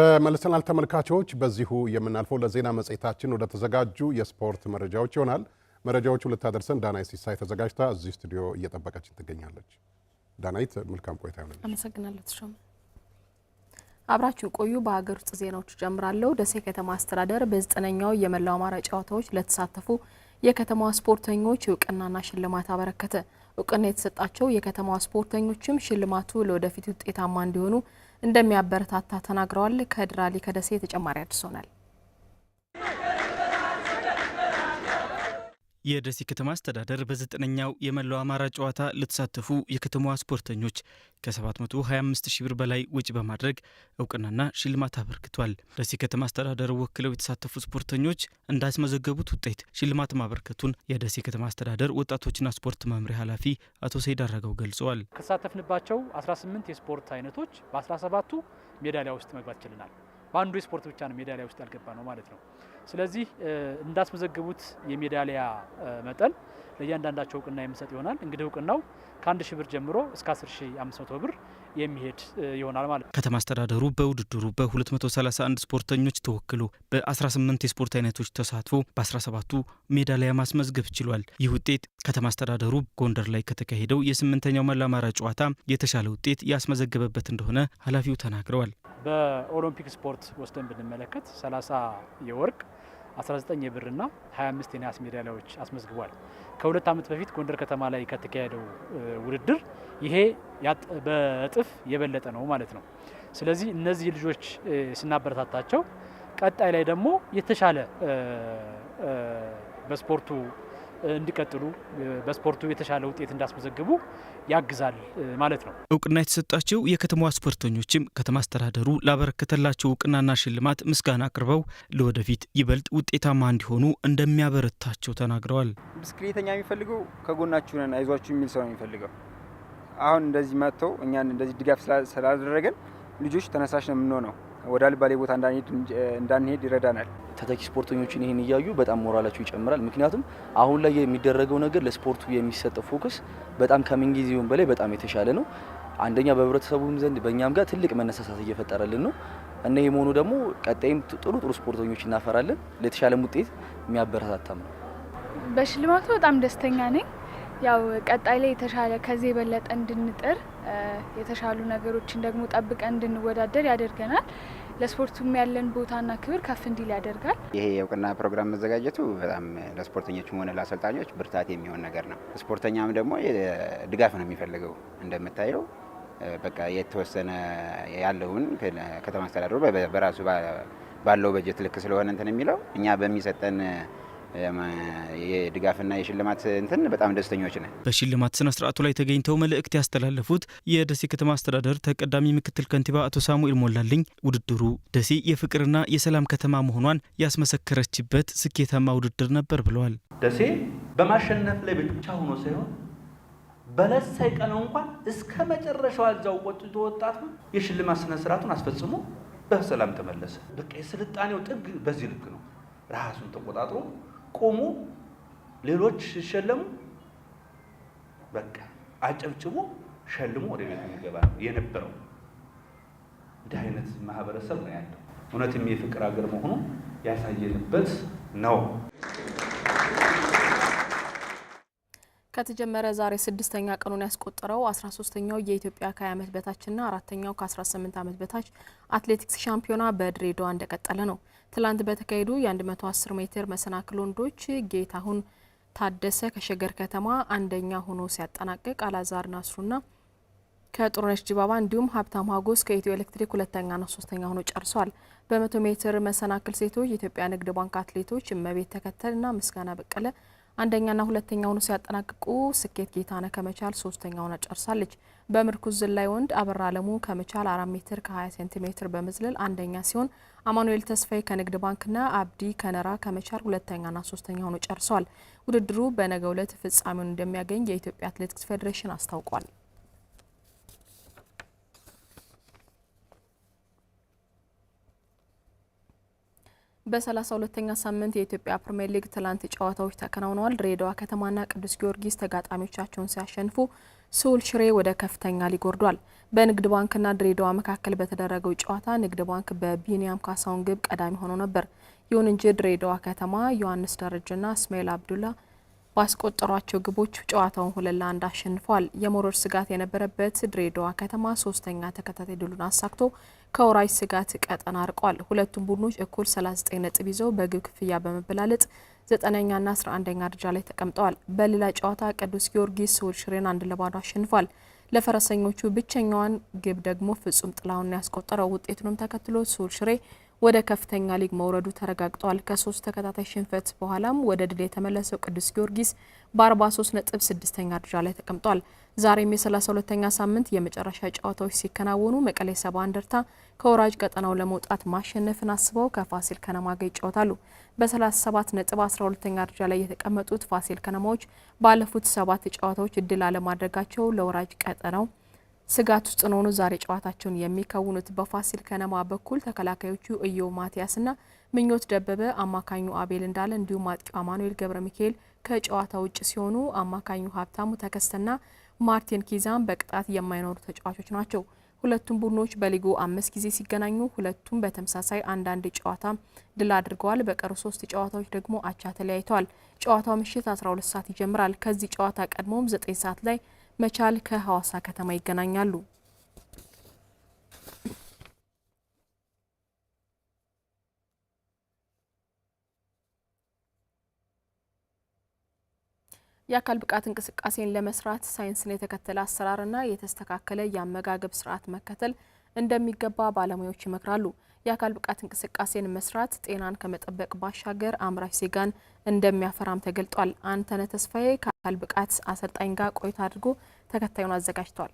ተመልሰናል ተመልካቾች። በዚሁ የምናልፈው ለዜና መጽሔታችን ወደ ተዘጋጁ የስፖርት መረጃዎች ይሆናል። መረጃዎቹ ልታደርሰን ዳናይት ሲሳይ ተዘጋጅታ እዚህ ስቱዲዮ እየጠበቀችን ትገኛለች። ዳናይት መልካም ቆይታ ይሆናል። አመሰግናለሁ ተሾመ። አብራችን ቆዩ። በሀገር ውስጥ ዜናዎች ጀምራለሁ። ደሴ ከተማ አስተዳደር በዘጠነኛው የመላው አማራ ጨዋታዎች ለተሳተፉ የከተማዋ ስፖርተኞች እውቅናና ሽልማት አበረከተ። እውቅና የተሰጣቸው የከተማዋ ስፖርተኞችም ሽልማቱ ለወደፊት ውጤታማ እንዲሆኑ እንደሚያበረታታ ተናግረዋል። ከድራሊ ከደሴ ተጨማሪ አድርሶናል። የደሴ ከተማ አስተዳደር በዘጠነኛው የመላው አማራ ጨዋታ ለተሳተፉ የከተማዋ ስፖርተኞች ከ725 ሺህ ብር በላይ ወጪ በማድረግ እውቅናና ሽልማት አበርክቷል። ደሴ ከተማ አስተዳደር ወክለው የተሳተፉ ስፖርተኞች እንዳስመዘገቡት ውጤት ሽልማት ማበርከቱን የደሴ ከተማ አስተዳደር ወጣቶችና ስፖርት መምሪያ ኃላፊ አቶ ሰይድ አረጋው ገልጸዋል። ከተሳተፍንባቸው 18 የስፖርት አይነቶች በ17ቱ ሜዳሊያ ውስጥ መግባት ችለናል። በአንዱ የስፖርት ብቻ ነው ሜዳሊያ ውስጥ ያልገባ ነው ማለት ነው። ስለዚህ እንዳስመዘግቡት የሜዳሊያ መጠን ለእያንዳንዳቸው እውቅና የምሰጥ ይሆናል። እንግዲህ እውቅናው ከአንድ ሺህ ብር ጀምሮ እስከ አስር ሺህ አምስት መቶ ብር የሚሄድ ይሆናል ማለት ነው። ከተማ አስተዳደሩ በውድድሩ በ231 ስፖርተኞች ተወክሎ በ18 የስፖርት አይነቶች ተሳትፎ በ17ቱ ሜዳሊያ ማስመዝገብ ችሏል። ይህ ውጤት ከተማ አስተዳደሩ ጎንደር ላይ ከተካሄደው የስምንተኛው መላማራ ጨዋታ የተሻለ ውጤት ያስመዘገበበት እንደሆነ ኃላፊው ተናግረዋል። በኦሎምፒክ ስፖርት ወስደን ብንመለከት 30 የወርቅ 19 የብርና 25 የነሐስ ሜዳሊያዎች አስመዝግቧል። ከሁለት ዓመት በፊት ጎንደር ከተማ ላይ ከተካሄደው ውድድር ይሄ በእጥፍ የበለጠ ነው ማለት ነው። ስለዚህ እነዚህ ልጆች ስናበረታታቸው ቀጣይ ላይ ደግሞ የተሻለ በስፖርቱ እንዲቀጥሉ በስፖርቱ የተሻለ ውጤት እንዳስመዘግቡ ያግዛል ማለት ነው። እውቅና የተሰጣቸው የከተማዋ ስፖርተኞችም ከተማ አስተዳደሩ ላበረከተላቸው እውቅናና ሽልማት ምስጋና አቅርበው ለወደፊት ይበልጥ ውጤታማ እንዲሆኑ እንደሚያበረታቸው ተናግረዋል። ብስክሌተኛ የሚፈልገው ከጎናችሁ ነን አይዟችሁ የሚል ሰው ነው የሚፈልገው አሁን እንደዚህ መጥቶ እኛን እንደዚህ ድጋፍ ስላደረገን ልጆች ተነሳሽ ነው የምንሆነው። ወደ አልባሌ ቦታ እንዳንሄድ ይረዳናል። ተተኪ ስፖርተኞችን ይህን እያዩ በጣም ሞራላቸው ይጨምራል። ምክንያቱም አሁን ላይ የሚደረገው ነገር ለስፖርቱ የሚሰጠው ፎከስ በጣም ከምንጊዜውም በላይ በጣም የተሻለ ነው። አንደኛ በህብረተሰቡም ዘንድ በእኛም ጋር ትልቅ መነሳሳት እየፈጠረልን ነው እና ይህ መሆኑ ደግሞ ቀጣይም ጥሩ ጥሩ ስፖርተኞች እናፈራለን። ለተሻለም ውጤት የሚያበረታታም ነው። በሽልማቱ በጣም ደስተኛ ነኝ። ያው ቀጣይ ላይ የተሻለ ከዚህ የበለጠ እንድንጥር የተሻሉ ነገሮችን ደግሞ ጠብቀን እንድንወዳደር ያደርገናል። ለስፖርቱም ያለን ቦታና ክብር ከፍ እንዲል ያደርጋል። ይሄ የእውቅና ፕሮግራም መዘጋጀቱ በጣም ለስፖርተኞችም ሆነ ለአሰልጣኞች ብርታት የሚሆን ነገር ነው። ስፖርተኛም ደግሞ ድጋፍ ነው የሚፈልገው። እንደምታየው በቃ የተወሰነ ያለውን ከተማ አስተዳደሩ በራሱ ባለው በጀት ልክ ስለሆነ እንትን የሚለው እኛ በሚሰጠን የድጋፍና የሽልማት እንትን በጣም ደስተኞች ነን። በሽልማት ስነ ስርዓቱ ላይ ተገኝተው መልእክት ያስተላለፉት የደሴ ከተማ አስተዳደር ተቀዳሚ ምክትል ከንቲባ አቶ ሳሙኤል ሞላልኝ ውድድሩ ደሴ የፍቅርና የሰላም ከተማ መሆኗን ያስመሰከረችበት ስኬታማ ውድድር ነበር ብለዋል። ደሴ በማሸነፍ ላይ ብቻ ሆኖ ሳይሆን በለስ ሳይቀነው እንኳን እስከ መጨረሻው እዛው ቆጥቶ ወጣቱ የሽልማት ስነ ስርዓቱን አስፈጽሞ በሰላም ተመለሰ። በቃ የስልጣኔው ጥግ በዚህ ልክ ነው። ራሱን ተቆጣጥሮ ቁሙ፣ ሌሎች ሲሸለሙ በቃ አጨብጭቦ ሸልሞ ወደ ቤት የሚገባ የነበረው እንዲህ አይነት ማህበረሰብ ነው ያለው። እውነትም የፍቅር ሀገር መሆኑ ያሳየንበት ነው። ከተጀመረ ዛሬ ስድስተኛ ቀኑን ያስቆጠረው አስራ ሶስተኛው የኢትዮጵያ ከ20 ዓመት በታችና አራተኛው ከ18 ዓመት በታች አትሌቲክስ ሻምፒዮና በድሬዳዋ እንደቀጠለ ነው። ትላንት በተካሄዱ የ110 ሜትር መሰናክል ወንዶች ጌታሁን ታደሰ ከሸገር ከተማ አንደኛ ሆኖ ሲያጠናቅቅ አላዛር ናስሩና ከጥሩነሽ ዲባባ እንዲሁም ሀብታም ሀጎስ ከኢትዮ ኤሌክትሪክ ሁለተኛና ሶስተኛ ሆኖ ጨርሷል። በመቶ ሜትር መሰናክል ሴቶች የኢትዮጵያ ንግድ ባንክ አትሌቶች እመቤት ተከተልና ምስጋና በቀለ አንደኛና ሁለተኛ ሆኖ ሲያጠናቅቁ ስኬት ጌታነ ከመቻል ሶስተኛ ሆና ጨርሳለች። በምርኩዝ ዝላይ ወንድ አበራ አለሙ ከመቻል 4 ሜትር ከ20 ሴንቲሜትር በመዝለል አንደኛ ሲሆን አማኑኤል ተስፋዬ ከንግድ ባንክና አብዲ ከነራ ከመቻል ሁለተኛና ሶስተኛ ሆኖ ጨርሰዋል። ውድድሩ በነገው ዕለት ፍጻሜውን እንደሚያገኝ የኢትዮጵያ አትሌቲክስ ፌዴሬሽን አስታውቋል። በ 32 ሳምንት የኢትዮጵያ ፕሪምየር ሊግ ትላንት ጨዋታዎች ተከናውነዋል። ድሬዳዋ ከተማና ቅዱስ ጊዮርጊስ ተጋጣሚዎቻቸውን ሲያሸንፉ ስሁል ሽሬ ወደ ከፍተኛ ሊግ ወርዷል። በንግድ ባንክና ድሬዳዋ መካከል በተደረገው ጨዋታ ንግድ ባንክ በቢኒያም ካሳውን ግብ ቀዳሚ ሆኖ ነበር። ይሁን እንጂ ድሬዳዋ ከተማ ዮሐንስ ደረጀና እስማኤል አብዱላ ባስቆጠሯቸው ግቦች ጨዋታውን ሁለት ለአንድ አሸንፏል። የመውረድ ስጋት የነበረበት ድሬዳዋ ከተማ ሶስተኛ ተከታታይ ድሉን አሳክቶ ከወራጅ ስጋት ቀጠና አርቋል። ሁለቱም ቡድኖች እኩል 39 ነጥብ ይዘው በግብ ክፍያ በመበላለጥ ዘጠነኛና 11ኛ ደረጃ ላይ ተቀምጠዋል። በሌላ ጨዋታ ቅዱስ ጊዮርጊስ ስውል ሽሬን አንድ ለባዶ አሸንፏል። ለፈረሰኞቹ ብቸኛዋን ግብ ደግሞ ፍጹም ጥላውን ያስቆጠረው ውጤቱንም ተከትሎ ስውል ሽሬ ወደ ከፍተኛ ሊግ መውረዱ ተረጋግጧል። ከሶስት ተከታታይ ሽንፈት በኋላም ወደ ድል የተመለሰው ቅዱስ ጊዮርጊስ በ43 ነጥብ ስድስተኛ ደረጃ ላይ ተቀምጧል። ዛሬም የ32ኛ ሳምንት የመጨረሻ ጨዋታዎች ሲከናወኑ መቀሌ ሰባ እንደርታ ከወራጅ ቀጠናው ለመውጣት ማሸነፍን አስበው ከፋሲል ከነማ ጋር ይጫወታሉ። በ37 ነጥብ 12ኛ ደረጃ ላይ የተቀመጡት ፋሲል ከነማዎች ባለፉት ሰባት ጨዋታዎች እድል አለማድረጋቸው ለወራጅ ቀጠናው ስጋት ውስጥ ሆኖ ዛሬ ጨዋታቸውን የሚከውኑት በፋሲል ከነማ በኩል ተከላካዮቹ እዮ ማቲያስና ምኞት ደበበ፣ አማካኙ አቤል እንዳለ እንዲሁም አጥቂው አማኑኤል ገብረ ሚካኤል ከጨዋታ ውጭ ሲሆኑ አማካኙ ሀብታሙ ተከስተና ማርቲን ኪዛም በቅጣት የማይኖሩ ተጫዋቾች ናቸው። ሁለቱም ቡድኖች በሊጉ አምስት ጊዜ ሲገናኙ ሁለቱም በተመሳሳይ አንዳንድ ጨዋታ ድል አድርገዋል። በቀሩ ሶስት ጨዋታዎች ደግሞ አቻ ተለያይተዋል። ጨዋታው ምሽት 12 ሰዓት ይጀምራል። ከዚህ ጨዋታ ቀድሞም 9 ሰዓት ላይ መቻል ከሐዋሳ ከተማ ይገናኛሉ። የአካል ብቃት እንቅስቃሴን ለመስራት ሳይንስን የተከተለ አሰራርና የተስተካከለ የአመጋገብ ስርዓት መከተል እንደሚገባ ባለሙያዎች ይመክራሉ። የአካል ብቃት እንቅስቃሴን መስራት ጤናን ከመጠበቅ ባሻገር አምራች ዜጋን እንደሚያፈራም ተገልጧል። አንተነህ ተስፋዬ አካል ብቃት አሰልጣኝ ጋር ቆይታ አድርጎ ተከታዩን አዘጋጅቷል።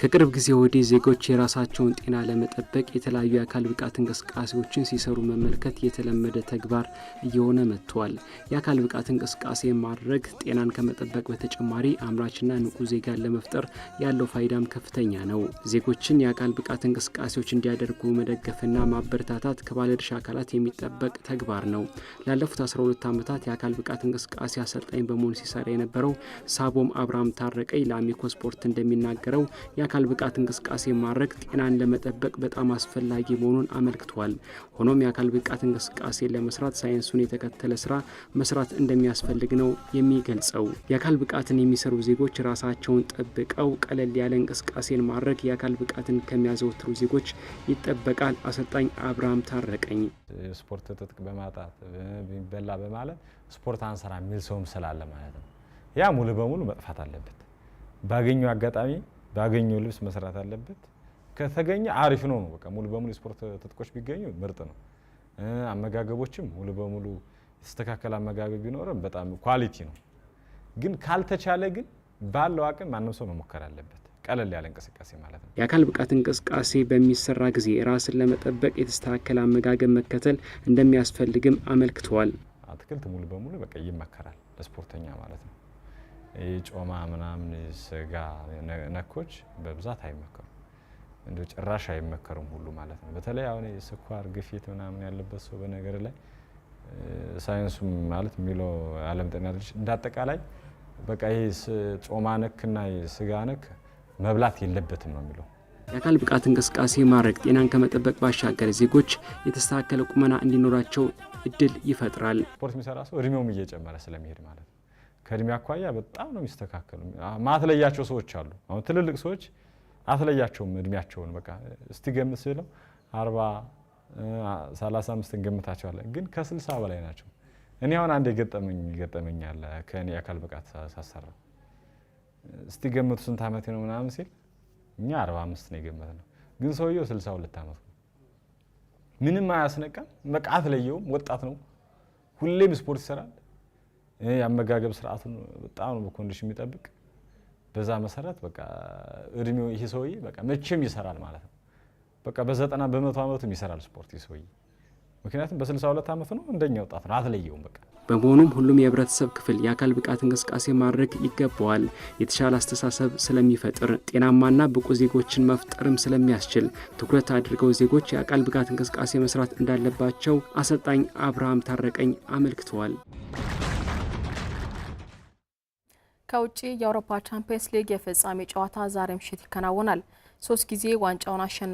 ከቅርብ ጊዜ ወዲህ ዜጎች የራሳቸውን ጤና ለመጠበቅ የተለያዩ የአካል ብቃት እንቅስቃሴዎችን ሲሰሩ መመልከት የተለመደ ተግባር እየሆነ መጥቷል። የአካል ብቃት እንቅስቃሴ ማድረግ ጤናን ከመጠበቅ በተጨማሪ አምራችና ንቁ ዜጋን ለመፍጠር ያለው ፋይዳም ከፍተኛ ነው። ዜጎችን የአካል ብቃት እንቅስቃሴዎች እንዲያደርጉ መደገፍና ማበረታታት ከባለድርሻ አካላት የሚጠበቅ ተግባር ነው። ላለፉት 12 ዓመታት የአካል ብቃት እንቅስቃሴ አሰልጣኝ በመሆን ሲሰራ የነበረው ሳቦም አብርሃም ታረቀኝ ለአሚኮ ስፖርት እንደሚናገረው የአካል ብቃት እንቅስቃሴ ማድረግ ጤናን ለመጠበቅ በጣም አስፈላጊ መሆኑን አመልክቷል። ሆኖም የአካል ብቃት እንቅስቃሴ ለመስራት ሳይንሱን የተከተለ ስራ መስራት እንደሚያስፈልግ ነው የሚገልጸው። የአካል ብቃትን የሚሰሩ ዜጎች ራሳቸውን ጠብቀው ቀለል ያለ እንቅስቃሴን ማድረግ የአካል ብቃትን ከሚያዘወትሩ ዜጎች ይጠበቃል። አሰልጣኝ አብርሃም ታረቀኝ ስፖርት ትጥቅ በማጣት በላ በማለት ስፖርት አንሰራ የሚል ሰውም ስላለ ማለት ነው ያ ሙሉ በሙሉ መጥፋት አለበት ባገኙ አጋጣሚ ባገኘው ልብስ መስራት አለበት። ከተገኘ አሪፍ ነው ነው በቃ ሙሉ በሙሉ የስፖርት ትጥቆች ቢገኙ ምርጥ ነው። አመጋገቦችም ሙሉ በሙሉ የተስተካከለ አመጋገብ ቢኖረም በጣም ኳሊቲ ነው። ግን ካልተቻለ ግን ባለው አቅም ማንም ሰው መሞከር አለበት። ቀለል ያለ እንቅስቃሴ ማለት ነው። የአካል ብቃት እንቅስቃሴ በሚሰራ ጊዜ ራስን ለመጠበቅ የተስተካከለ አመጋገብ መከተል እንደሚያስፈልግም አመልክተዋል። አትክልት ሙሉ በሙሉ በቃ ይመከራል ለስፖርተኛ ማለት ነው። የጮማ ምናምን ስጋ ነኮች በብዛት አይመከሩም። እንደ ጭራሽ አይመከሩም ሁሉ ማለት ነው። በተለይ አሁን ስኳር፣ ግፊት ምናምን ያለበት ሰው በነገር ላይ ሳይንሱም ማለት የሚለው ዓለም ጤና ድርጅት እንዳጠቃላይ በቃ ይህ ጮማ ነክና ስጋ ነክ መብላት የለበትም ነው የሚለው። የአካል ብቃት እንቅስቃሴ ማድረግ ጤናን ከመጠበቅ ባሻገር ዜጎች የተስተካከለ ቁመና እንዲኖራቸው እድል ይፈጥራል። ስፖርት የሚሰራ ሰው እድሜውም እየጨመረ ስለሚሄድ ማለት ነው ከእድሜ አኳያ በጣም ነው የሚስተካከሉ። ማትለያቸው ሰዎች አሉ። አሁን ትልልቅ ሰዎች አትለያቸውም እድሜያቸውን። በቃ እስቲ ገምት ስለው አርባ ሰላሳ አምስት እንገምታቸዋለን፣ ግን ከስልሳ በላይ ናቸው። እኔ አሁን አንድ የገጠመኝ ገጠመኝ አለ ከእኔ የአካል ብቃት ሳሰራ እስቲ ገምቱ ስንት ዓመቴ ነው ምናምን ሲል እኛ አርባ አምስት ነው የገመት ነው፣ ግን ሰውየው ስልሳ ሁለት ዓመት ነው። ምንም አያስነቀም። በቃ አትለየውም። ወጣት ነው። ሁሌም ስፖርት ይሰራል። የአመጋገብ ስርዓቱን በጣም ነው በኮንዲሽን የሚጠብቅ። በዛ መሰረት በቃ እድሜው ይሄ ሰውዬ በቃ መቼም ይሰራል ማለት ነው። በቃ በዘጠና በመቶ ዓመቱም ይሰራል ስፖርት ይህ ሰውዬ ምክንያቱም በስልሳ ሁለት ዓመቱ ነው እንደኛ ወጣት ነው፣ አትለየውም በቃ በመሆኑም ሁሉም የህብረተሰብ ክፍል የአካል ብቃት እንቅስቃሴ ማድረግ ይገባዋል። የተሻለ አስተሳሰብ ስለሚፈጥር ጤናማና ብቁ ዜጎችን መፍጠርም ስለሚያስችል ትኩረት አድርገው ዜጎች የአካል ብቃት እንቅስቃሴ መስራት እንዳለባቸው አሰልጣኝ አብርሃም ታረቀኝ አመልክተዋል። ከውጭ የአውሮፓ ቻምፒየንስ ሊግ የፍጻሜ ጨዋታ ዛሬ ምሽት ይከናወናል። ሶስት ጊዜ ዋንጫውን አሸናፊ